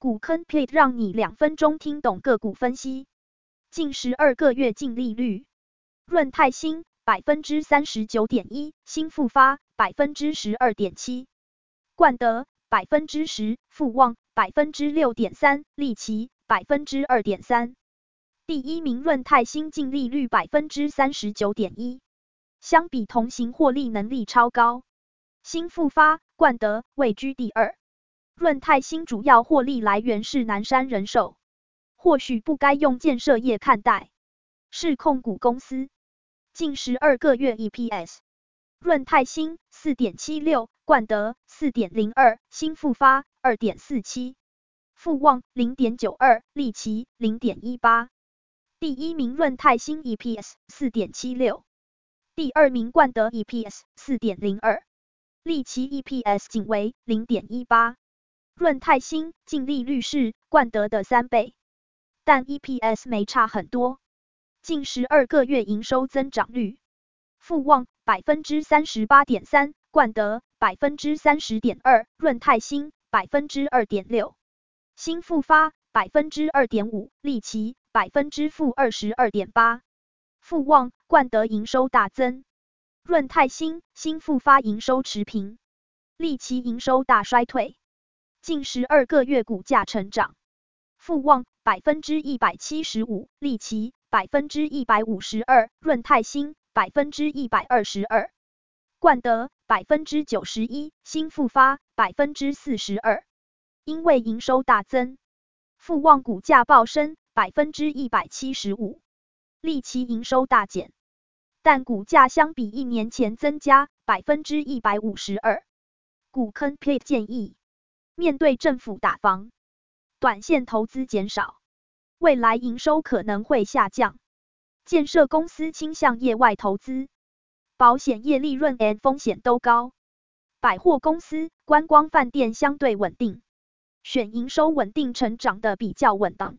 股坑派，讓你兩分鐘聽懂個股分析。近十二個月淨利率，潤泰新百分之三十九點一，興富發百分之十二點七，冠德百分之十，富旺百分之六點三，力麒百分之二點三。第一名潤泰新淨利率百分之三十九點一，相比同行獲利能力超高。興富發、冠德位居第二。潤泰新主要獲利來源是南山人壽，或許不該用建設業看待，是控股公司。近十二個月 EPS，潤泰新四點七六，冠德四點零二，興富發二點四七，富旺零點九二，力麒零點一八。第一名潤泰新 EPS 四點七六，第二名冠德 EPS 四點零二，力麒 EPS 僅為零點一八。潤泰新淨利率是冠德的三倍，但 EPS 沒差很多。近十二個月營收增長率，富旺百分之三十八點三，冠德百分之三十點二，潤泰新百分之二點六，興富發百分之二點五，力麒百分之負二十二點八。富旺、冠德營收大增，潤泰新、興富發營收持平，力麒營收大衰退。近十二個月股價成長，富旺百分之一百七十五，力麒百分之一百五十二，潤泰新百分之一百二十二，冠德百分之九十一，興富發百分之四十二。因為營收大增，富旺股價暴升百分之一百七十五，力麒營收大減，但股價相比一年前增加百分之一百五十二。股坑 plate 建議。面對政府打房，短線投資減少，未來營收可能會下降。建設公司傾向業外投資，保險業利潤和風險都高，百貨公司、觀光飯店相對穩定，選營收穩定成長的比較穩當。